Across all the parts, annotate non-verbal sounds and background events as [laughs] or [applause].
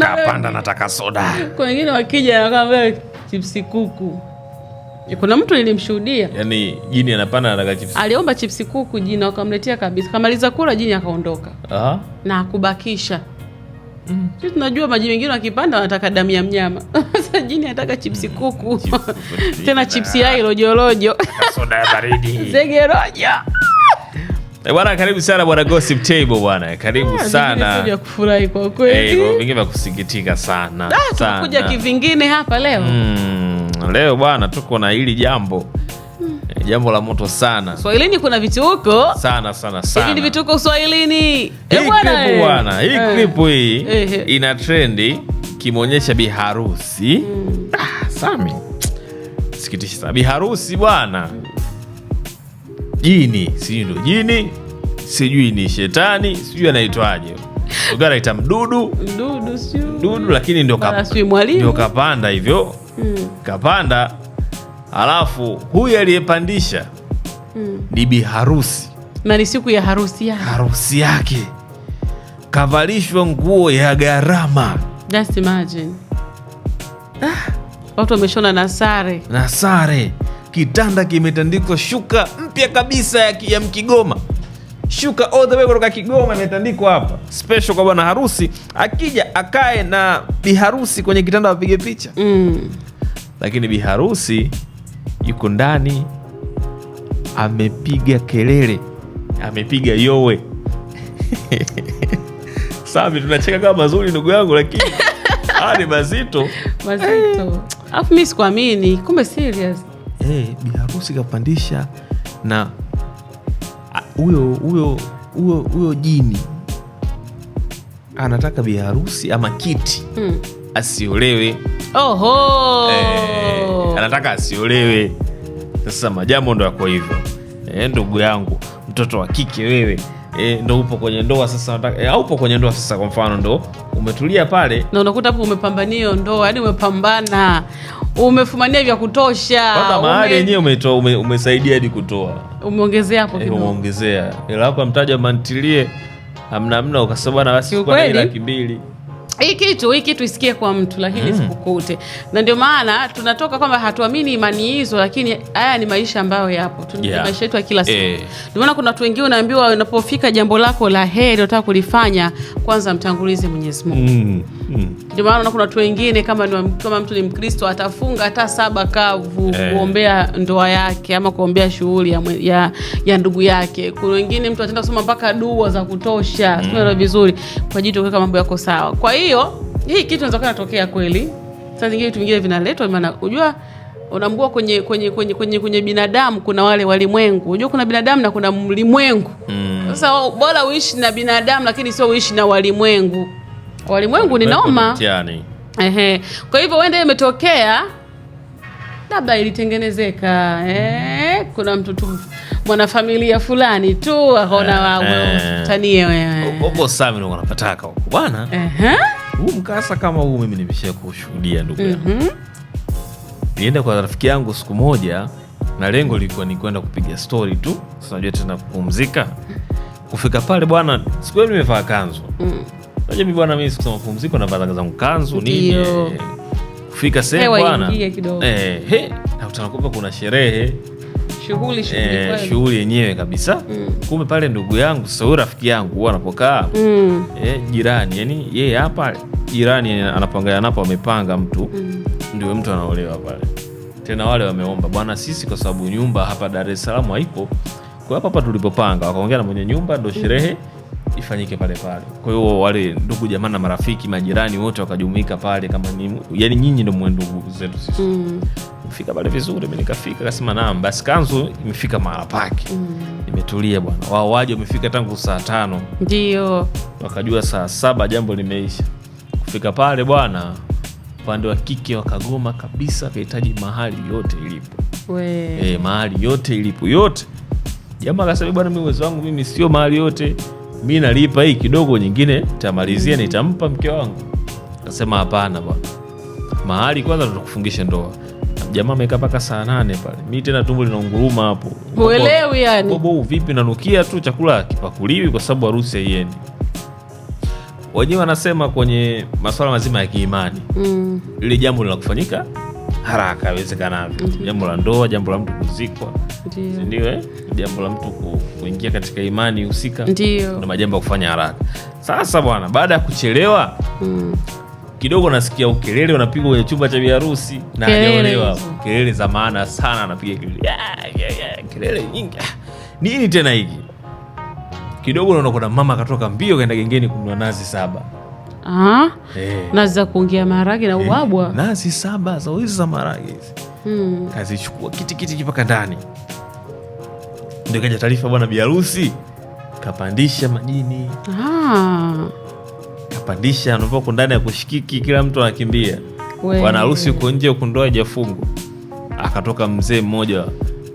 kapanda nataka soda. Kuna wengine wakija nakaa chipsi kuku. Kuna mtu nilimshuhudia, yani jini anapanda anataka chipsi, aliomba chipsi kuku jini wakamletea kabisa, kamaliza kula jini akaondoka na akubakisha. Mm. tunajua maji mengine wakipanda wanataka damu ya mnyama. [laughs] Sasa jini anataka chipsi hmm. kuku. [laughs] tena chipsi ya ilojolojo. Soda ya baridi. [laughs] Zegeroja. Eh, bwana, karibu sana bwana Gossip Table bwana, karibu ah, sana. Kuja kufurahi kwa kweli. Eh, vingine vya kusikitika sana. ah, sana. Kuja kivingine hapa leo. Mm, leo bwana tuko na hili jambo mm. jambo la moto sana. Swahilini kuna vituko sana sana sana. Hivi ni vituko Swahilini. Eh bwana, hii bwana, eh. hii clip hii ina trendi kimonyesha biharusi. Mm. Ah, Sami. Sikitisha sana biharusi bwana. Jini, si ndio jini? sijui ni shetani sijui anaitwaje anaita mdudu mdudu, mdudu lakini ndio kap, kapanda hivyo mm. kapanda alafu huyu aliyepandisha hmm. ni bi harusi na ni siku ya harusi yake, harusi yake kavalishwa nguo ya gharama. Just imagine ah, Watu wameshona na sare na sare, kitanda kimetandikwa shuka mpya kabisa ya, ya Mkigoma shuka all the way kutoka Kigoma, imetandikwa hapa special kwa bwana harusi, akija akae na biharusi kwenye kitanda apige picha mm. Lakini biharusi yuko ndani, amepiga kelele, amepiga yowe [laughs] Safi, tunacheka kama mazuri ndugu yangu, lakini [laughs] haya mazito mazito. Afu mi sikuamini, kumbe serious. Hey, eh, biharusi kapandisha na huyo huyo huyo huyo jini anataka biharusi ama kiti mm. asiolewe. Oho. eh, anataka asiolewe. Sasa majambo ndo yako hivyo eh, ndugu yangu mtoto wa kike wewe e, ndo upo kwenye ndoa sasa e, eh, aupo kwenye ndoa sasa. Kwa mfano ndo umetulia pale na unakuta hapo umepambania ndoa, yani umepambana, umefumania vya kutosha, mahali yenyewe umesaidia hadi kutoa umeongezea hapo eh, kidogo, umeongezea ila hapo mtaja mantilie amna amna, ukasema na basi kwa laki mbili hii kitu hii kitu isikie kwa mtu lakini mm, sikukute na ndio maana tunatoka kwamba hatuamini imani hizo, lakini haya ni maisha ambayo yapo yeah, maisha yetu ya kila siku eh. Ndio maana kuna watu wengine unaambiwa unapofika jambo lako la heri unataka kulifanya, kwanza mtangulize Mwenyezi Mungu mm. mm. Ndio maana kuna watu wengine kama kama mtu ni Mkristo atafunga hata saba kavu eh, kuombea ndoa yake ama kuombea shughuli ya, ya, ya ndugu yake. Kuna wengine mtu ataenda kusoma mpaka dua za kutosha mm, vizuri kwa jitu kuweka mambo yako sawa. Kwa hiyo hii kitu inaweza kutokea kweli, saa zingine vitu vingine vinaletwa, maana unajua unamgua kwenye kwenye kwenye kwenye kwenye binadamu kuna wale walimwengu. Unajua kuna binadamu na kuna mlimwengu. Mm. Sasa mm, bora uishi na binadamu lakini sio uishi na walimwengu walimwengu ni noma. Ehe, kwa hivyo wende imetokea labda ilitengenezeka eh, kuna mtu tu mwanafamilia fulani tu akaona wawe wewe huko. Sami mimi napataka huko bwana, ehe, huu mkasa kama huu mimi nimesha kushuhudia ndugu yangu. mm Nienda kwa rafiki yangu siku moja, na lengo lilikuwa ni kwenda kupiga stori tu, unajua tena kupumzika. Kufika pale bwana, siku hiyo nimevaa kanzu mm. Jamii bwana, mi sikusema mapumziko na baraka zangu kanzu nini kufika sehemu bwana eh, he nakutana kuna sherehe shughuli eh, shughuli yenyewe kabisa mm. Kumbe pale ndugu yangu sasa, rafiki yangu huwa anapokaa mm. eh, jirani yani yeye hapa jirani anapanga napo amepanga mtu mm. ndio mtu anaolewa pale tena, wale wameomba bwana, sisi kwa sababu nyumba hapa Dar es Salaam haipo kwa hapa hapa tulipopanga, wakaongea na mwenye nyumba ndo sherehe mm ifanyike pale pale. Kwa hiyo wale ndugu jamaa na marafiki majirani wote wakajumuika pale, kama ni yani nyinyi ndo mwendugu zetu sisi mm. Fika pale vizuri, mi nikafika, kasema naam, basi kanzu imefika mahala pake mm. Imetulia bwana, wao waje wamefika tangu saa tano ndio wakajua saa saba jambo limeisha. Kufika pale bwana, upande wa kike wakagoma kabisa, kahitaji mahali yote ilipo e, mahali yote ilipo yote. Jamaa akasema bwana, mi uwezo wangu mimi sio mahali yote mi nalipa hii kidogo, nyingine tamalizia, nitampa mke wangu. Kasema hapana bwana, mahali kwanza tutakufungisha ndoa. Jamaa amekaa mpaka saa nane pale, mi tena tumbo linaunguruma hapo, huelewi yani bobo vipi, nanukia tu chakula kipakuliwi kwa sababu harusi haiendi. Wenyewe wanasema kwenye masuala mazima ya kiimani, mm. lile jambo linakufanyika haraka iwezekanavyo. mm -hmm. Jambo la ndoa, jambo la mtu kuzikwa, Eh, jambo la mtu kuingia katika imani husika, na majambo ya kufanya haraka. Sasa bwana, baada ya kuchelewa mm. kidogo nasikia ukelele unapigwa kwenye chumba cha biharusi na hajaolewa, kelele za maana sana, anapiga kelele kelele nyingi ah, nini tena hiki kidogo, naona kuna mama akatoka mbio kaenda gengeni kununua nazi saba Ah, hey. Eh. Nazi za kuongea maharage na eh, ubwabwa hey. Nazi saba za hizi za maharage hizi hmm. Kazichukua kitikiti mpaka ndani, ndio kaja taarifa, bwana biharusi kapandisha majini ah. Kapandisha anavoko ndani ya kushikiki, kila mtu anakimbia, bwana harusi huko nje huku ndoa haijafungwa. Akatoka mzee mmoja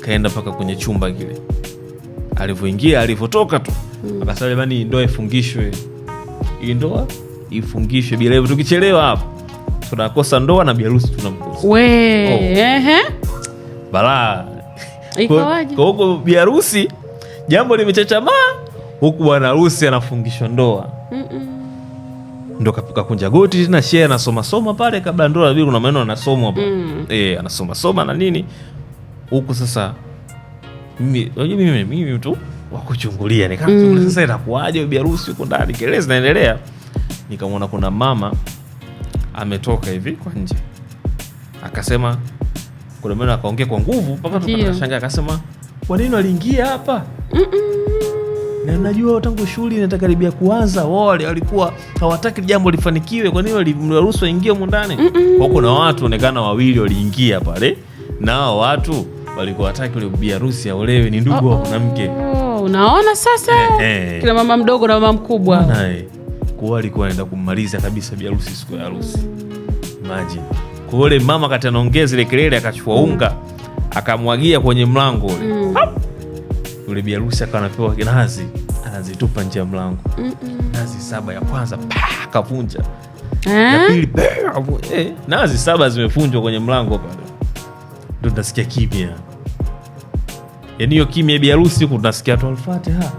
kaenda mpaka kwenye chumba kile, alivyoingia alivyotoka tu hmm. Akasema jamani, ndoa ifungishwe hii ndoa ifungishe bila bilevu. Tukichelewa hapo tunakosa ndoa na biharusi tunamkosa. We, oh. ehe. Balaa. Kwa huko biarusi jambo limechachamaa, huku bwana harusi anafungishwa ndoa. Ndo kakunja goti tena shee anasomasoma pale kabla ndoa nabidi kuna maneno anasomwa hapo. Mm. Eh, anasoma na nini? Huku sasa mimi unajua mimi mtu wa kuchungulia nikaa mm. Sasa inakuaje biarusi huko ndani, kelele zinaendelea nikamwona kuna mama ametoka hivi kwa nje, akasema kuna meno, akaongea kwa nguvu, papa akasema kwanini waliingia hapa? na najua tangu shughuli natakaribia kuanza, wale walikuwa hawataki jambo lifanikiwe. Kwa nini mliwaruhusu waingie humu ndani? mm kuna watu onekana wawili waliingia pale, nao watu walikuwa wataki ule bibi aolewe, ni ndugu wa mwanamke. Unaona sasa, eh, eh. kila mama mdogo na mama mkubwa Manae kuwa alikuwa anaenda kummaliza kabisa bi harusi siku ya harusi. Imagine. Kwa yule mama kati anaongea zile kelele akachukua unga akamwagia kwenye mlango ule. Mm. Yule bi harusi akawa anapewa nazi anazitupa nje ya mlango. Mm -mm. Nazi saba ya kwanza akavunja eh? eh, nazi saba zimefunjwa kwenye mlango pale. ndo tunasikia kimya. Yaani hiyo kimya bi harusi huku tunasikia tu Al-Fatiha.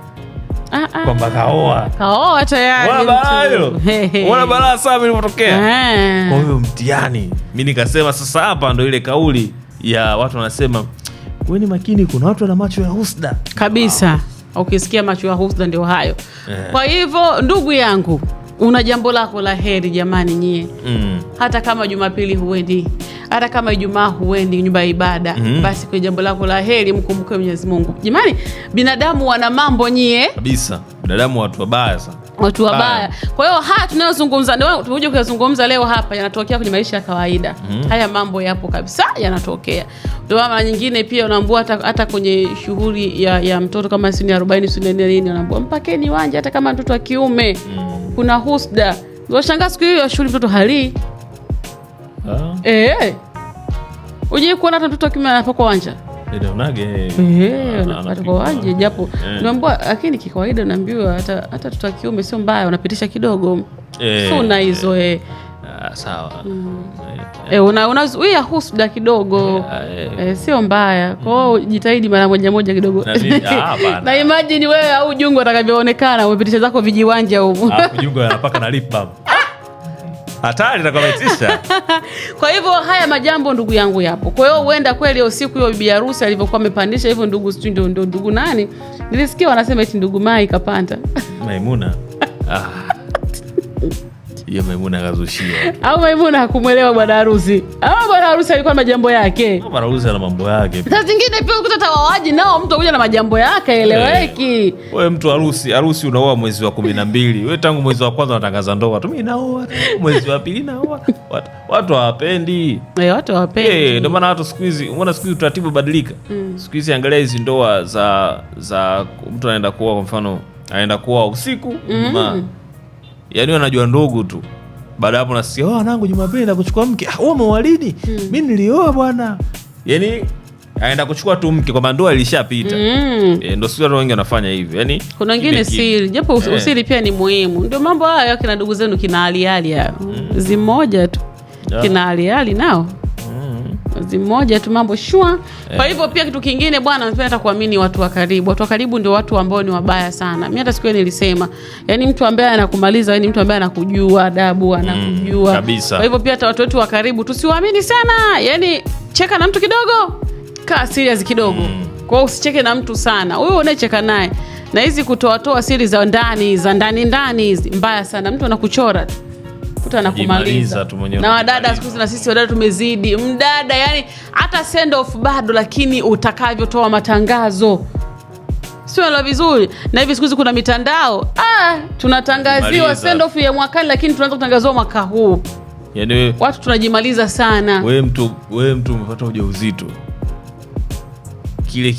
Ah, ah. kwamba kaoa kaoa tayari, balaa sana ilivyotokea. Kwa hiyo mtihani, mi nikasema sasa, hapa ndo ile kauli ya watu wanasema, kweni makini, kuna watu wana macho ya husda kabisa. Ukisikia macho ya husda ndio hayo. Eh. Kwa hivyo ndugu yangu, una jambo lako la heri jamani, nyie mm. hata kama Jumapili huendi hata kama Ijumaa huendi nyumba ya ibada mm -hmm. Basi kwenye jambo lako la heri mkumbuke Mwenyezi Mungu. Jamani, binadamu wana mambo nyie kabisa, binadamu watu wabaya sana watu wabaya. Kwa hiyo haya tunayozungumza ndio tumekuja kuyazungumza leo hapa, yanatokea kwenye maisha ya kawaida mm. Haya mambo yapo kabisa, yanatokea. Ndio mara nyingine pia unaambua hata, hata kwenye shughuli ya, ya mtoto kama si sini arobaini ni nini, unaambua mpakeni wanja, hata kama mtoto wa kiume mm. Kuna husda, washangaa siku hiyo ya shughuli mtoto halii Ah. Eh. eh. Uje kuona hata mtoto akimea anapakwa wanja. Nionage. Eh, japo eh. naambiwa lakini kikawaida naambiwa hata hata mtoto wa kiume sio mbaya unapitisha kidogo. Eh. Sio hizo eh. eh. Ah, sawa. Mm. Eh, una unazuia husuda kidogo. Eh, sio mbaya. Kwa hiyo mm. jitahidi mara moja moja kidogo. Na [laughs] ah, imagine wewe au Jungu atakavyoonekana umepitisha zako vijiwanja huko. Ah, Jungu anapaka na lip balm. [laughs] hatari nakamaitisha. [laughs] Kwa hivyo haya majambo ndugu yangu yapo. Kwa hiyo huenda kweli hiyo siku hiyo bibi harusi alivyokuwa amepandisha hivyo, ndugu sijui ndio ndugu nani, nilisikia wanasema eti ndugu Mai kapanda Maimuna ah. [laughs] hiyo Maimuna kazushia au Maimuna hakumwelewa bwana harusi au bwana harusi alikuwa na majambo yake. Bwana harusi ana mambo yake. Saa zingine pia ukuta tawawaji nao mtu akuja na majambo yake eleweki. Eh. Wewe mtu harusi harusi unaoa mwezi wa kumi na mbili wewe tangu mwezi wa kwanza unatangaza ndoa tu, mimi naoa mwezi wa pili naoa, watu hawapendi eh, watu hawapendi. Eh, ndio maana watu siku hizi umeona, siku hizi utaratibu badilika. Mm. Siku hizi angalia hizi ndoa za za mtu anaenda kuoa, kwa mfano anaenda kuoa usiku mm -hmm yani wanajua ndugu tu. Baada hapo nasikia oh, wanangu Jumapili na kuchukua mke au ah, umeoa lini? Hmm. Mi nilioa bwana. Yani aenda kuchukua tu mke kwamba ndoa ilishapita. Mm. E, ndio sio wengi wanafanya hivyo. Yani kuna wengine siri, japo us, eh. usiri pia ni muhimu. Ndio mambo hayo kina ndugu zenu kina hali hali hayo. Mm. Zimoja tu. Yeah. Kina hali hali nao mwezi mmoja tu mambo shua eh. Kwa hivyo pia kitu kingine bwana, napenda kuamini watu wa karibu. Watu wa karibu ndio watu ambao ni wabaya sana. Mimi hata siku ile nilisema, yani mtu ambaye anakumaliza, yani mtu ambaye anakujua adabu, mm, anakujua mm, kabisa. Kwa hivyo pia hata watu wetu wa karibu tusiwaamini sana, yani cheka na mtu kidogo, kaa serious kidogo mm. Kwa hiyo usicheke na mtu sana, wewe unayecheka naye na hizi kutoatoa siri za ndani za ndani ndani hizi mbaya sana, mtu anakuchora tu mtu anakumaliza na wadada siku hizi, na sisi wadada tumezidi mdada, yani hata send off bado, lakini utakavyotoa matangazo sio vizuri. Na hivi siku hizi kuna mitandao ah, tunatangaziwa send off ya mwakani, lakini tunaanza kutangaziwa mwaka huu. Yani, watu tunajimaliza sana. We mtu we mtu umepata ujauzito kile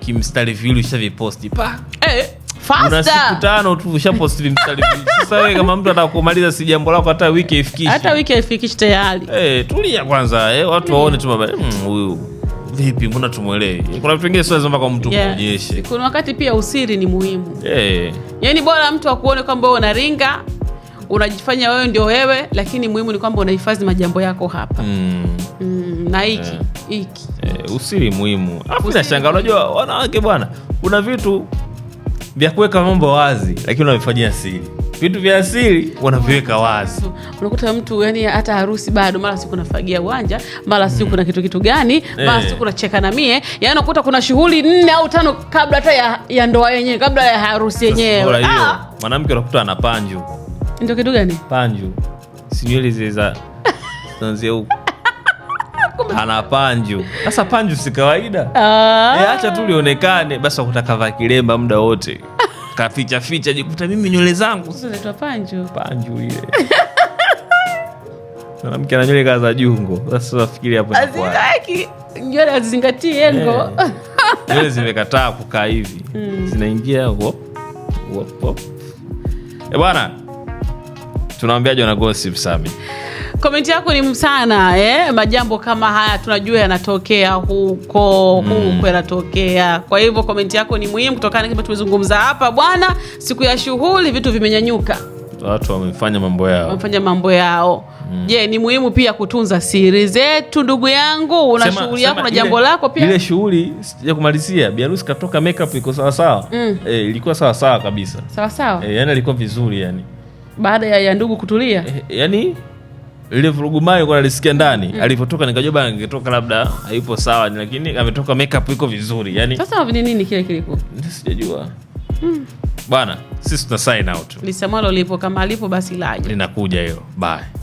kimstari ki, ki vile ushaviposti pa eh, una siku tano tu ushapostili sasa wewe kama mtu atakumaliza si jambo lako hata wiki wiki haifikishi tayari hey, eh, tulia kwanza eh, watu mm. waone tu eh, mm, huyu vipi mbona tumwelewi kuna vitu vingine kwa mtu kuonyeshe kuna wakati pia usiri ni muhimu hey. yani bora mtu akuone kwamba we unaringa unajifanya wewe ndio wewe lakini muhimu ni kwamba unahifadhi majambo yako hapa mm. Mm, na hiki yeah. hiki eh, usiri muhimu afu unajua wanawake bwana kuna vitu vya kuweka mambo wazi, lakini wanavifanyia siri. Vitu vya asili wanaviweka wazi. Unakuta mtu yani hata harusi bado, mara siku nafagia uwanja, mara siku kuna mm. kitu kitu gani, mara eh. siku cheka na mie. Yani unakuta kuna shughuli nne au tano kabla hata ya, ya ndoa yenyewe, kabla ya harusi yenyewe. Ah! Mwanamke unakuta ana panju, ndio kitu gani panju, si nywele zile za [laughs] huko ana panju. Sasa panju si kawaida e, acha tu lionekane basi, wakutaka kilemba muda wote [laughs] kaficha ficha, jikuta mimi nywele zangu zinaitwa panju, panju ile [laughs] mwanamke ana nywele za jungo. Sasa nafikiri hapo nywele hazizingatii engo, eh. [laughs] nywele zimekataa kukaa hivi mm. zinaingia wop, wop, wop. Eh, e bwana, tunawaambiaje na Gossip Sami? komenti yako ni msana eh? Majambo kama haya tunajua yanatokea huko mm. huko yanatokea. Kwa hivyo komenti yako ni muhimu kutokana na kile tumezungumza hapa bwana. Siku ya shughuli vitu vimenyanyuka, watu wamefanya mambo yao, wamefanya mambo yao. Mm. Je, mm, ni muhimu pia kutunza siri zetu. Ndugu yangu, una shughuli yako na jambo lako pia. Ile shughuli sija kumalizia, Bi katoka makeup iko sawa sawa, mm, eh, ilikuwa sawa sawa kabisa, sawa sawa, eh, yani alikuwa vizuri yani, baada ya, ya ndugu kutulia eh, yani lile vurugumayo nilikuwa nalisikia ndani mm. Alivyotoka nikajua bana, ningetoka labda haipo sawa, lakini ametoka makeup iko vizuri yani. Sasa ni nini kile kilipo, sijajua mm. Bwana, sisi tuna sign out lisamalo lipo, kama alipo basi laje, linakuja hiyo bye.